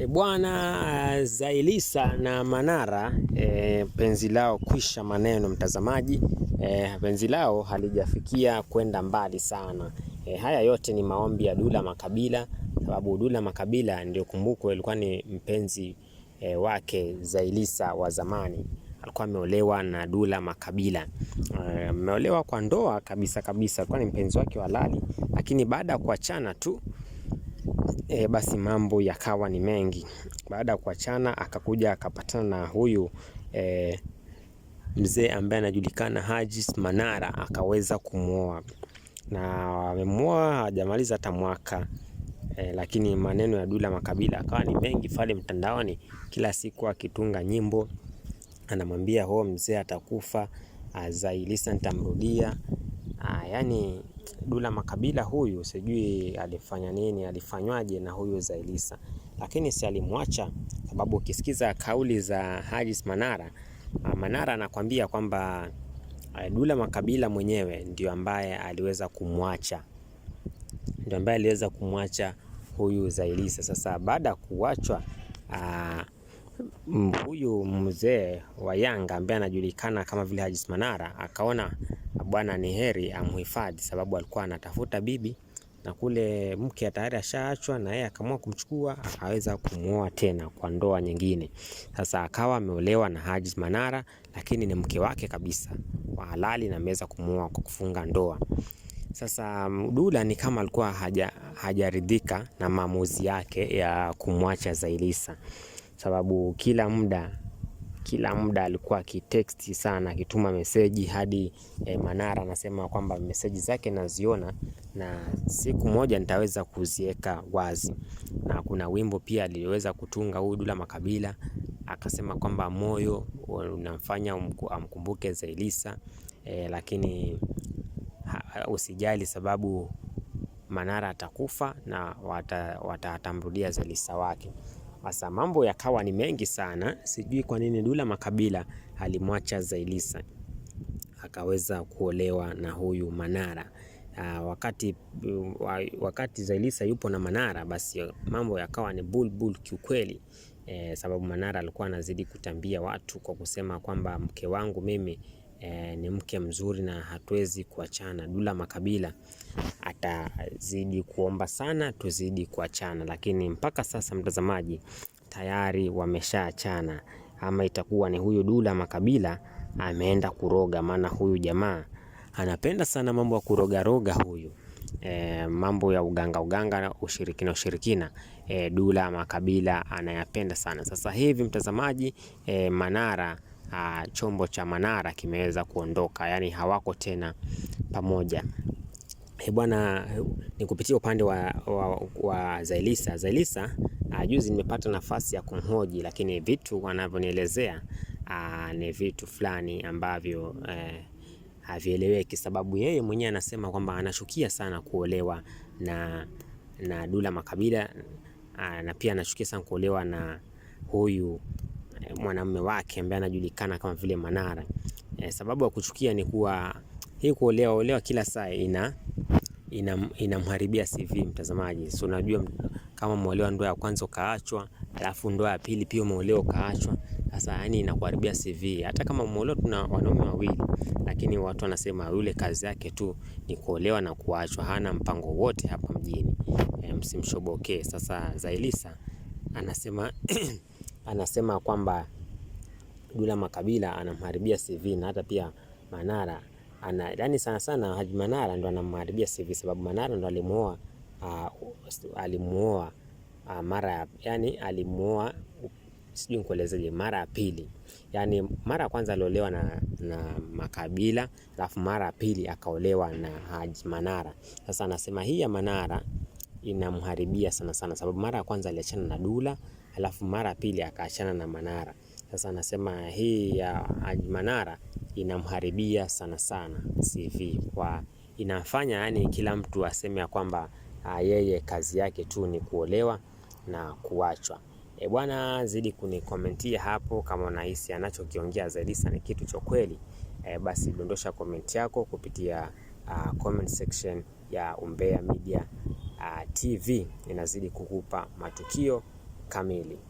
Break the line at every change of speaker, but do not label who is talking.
E, bwana eh, Zailisa na Manara e, penzi lao kwisha maneno, mtazamaji e, penzi lao halijafikia kwenda mbali sana. E, haya yote ni maombi ya Dula Makabila, sababu Dula Makabila ndio kumbuko ilikuwa ni mpenzi e, wake Zailisa wa zamani, alikuwa ameolewa na Dula Makabila, ameolewa e, kwa ndoa kabisa kabisa, alikuwa ni mpenzi wake halali, lakini baada ya kuachana tu e, basi mambo yakawa ni mengi. Baada ya kuachana akakuja akapatana na huyu e, mzee ambaye anajulikana Haji Manara, akaweza kumwoa na wamemwoa, hajamaliza hata mwaka e, lakini maneno ya Dula Makabila akawa ni mengi pale mtandaoni, kila siku akitunga nyimbo anamwambia huo oh, mzee atakufa, azailisa nitamrudia, yani Dula Makabila huyu sijui alifanya nini, alifanywaje na huyu Zailisa, lakini si alimwacha? Sababu ukisikiza kauli za Haris Manara, ah, Manara anakwambia kwamba eh, Dula Makabila mwenyewe ndio ambaye aliweza kumwacha, ndio ambaye aliweza kumwacha huyu Zailisa. Sasa baada ya kuachwa ah, huyu mzee wa Yanga ambaye anajulikana kama vile Haji Manara akaona bwana ni heri amhifadhi, sababu alikuwa anatafuta bibi na kule mke tayari ashaachwa, na yeye akaamua kumchukua akaweza kumuoa tena kwa ndoa nyingine. Sasa akawa ameolewa na Haji Manara, lakini ni mke wake kabisa wa halali na ameweza kumuoa kwa kufunga ndoa. Sasa Dula ni kama alikuwa hajaridhika haja na maamuzi yake ya kumwacha Zailisa sababu kila muda kila muda alikuwa akitexti sana akituma meseji hadi e, Manara anasema kwamba meseji zake naziona na siku moja nitaweza kuziweka wazi. Na kuna wimbo pia aliweza kutunga huyu Dula Makabila, akasema kwamba moyo unamfanya amkumbuke Zailisa e, lakini ha, usijali sababu Manara atakufa na watamrudia wata Zailisa wake sasa mambo yakawa ni mengi sana, sijui kwa nini Dula Makabila alimwacha Zailisa akaweza kuolewa na huyu Manara. Aa, ah, wakati, wakati Zailisa yupo na Manara basi mambo yakawa ni bulbul kiukweli. E, sababu Manara alikuwa anazidi kutambia watu kwa kusema kwamba mke wangu mimi e, ni mke mzuri na hatuwezi kuachana. Dula Makabila nitazidi kuomba sana, tuzidi kuachana, lakini mpaka sasa mtazamaji, tayari wameshaachana, ama itakuwa ni huyu Dula Makabila ameenda kuroga, maana huyu jamaa anapenda sana mambo ya kurogaroga huyu E, mambo ya uganga uganga na ushirikina ushirikina, e, Dula Makabila anayapenda sana. Sasa hivi mtazamaji, e, Manara a, chombo cha Manara kimeweza kuondoka, yaani hawako tena pamoja. Eh, bwana, ni kupitia upande wa, wa, wa Zailisa. Zailisa ah, juzi nimepata nafasi ya kumhoji, lakini vitu wanavyonielezea uh, ni vitu fulani ambavyo uh, havieleweki, sababu yeye mwenyewe anasema kwamba anashukia sana kuolewa na, na Dula Makabila uh, na pia anashukia sana kuolewa na huyu uh, mwanamume wake ambaye anajulikana kama vile Manara. Uh, sababu ya kuchukia ni kuwa hii kuolewa olewa kila saa ina inam, inamharibia CV mtazamaji. So unajua kama umeolewa ndoa ya kwanza ukaachwa, alafu ndoa ya pili pia umeolewa ukaachwa, sasa yani inakuharibia CV. Hata kama umeolewa, tuna wanaume wawili, lakini watu wanasema yule kazi yake tu ni kuolewa na kuachwa, hana mpango wote hapa mjini. E, msimshobokee. Sasa Zailisa anasema anasema kwamba Dula Makabila anamharibia CV na hata pia Manara ana yani sana sana Haji Manara ndo anamharibia CV, sababu Manara ndo alimuoa uh, alimuoa uh, mara yani alimuoa sijui nikuelezeje, mara ya pili. Yani mara ya kwanza aliolewa na, na Makabila, alafu mara ya pili akaolewa na Haji Manara. Sasa anasema hii ya Manara inamharibia sana sana, sababu mara ya kwanza aliachana na Dula, alafu mara ya pili akaachana na Manara. Sasa anasema hii ya ajmanara inamharibia sana sana CV kwa inafanya yani kila mtu aseme ya kwamba ah, yeye kazi yake tu ni kuolewa na kuachwa. E bwana, zidi kunikomentia hapo kama unahisi anachokiongea Zaiylisa ni kitu cha kweli. E, basi dondosha komenti yako kupitia uh, comment section ya Umbea Media uh, ah, TV inazidi kukupa matukio kamili.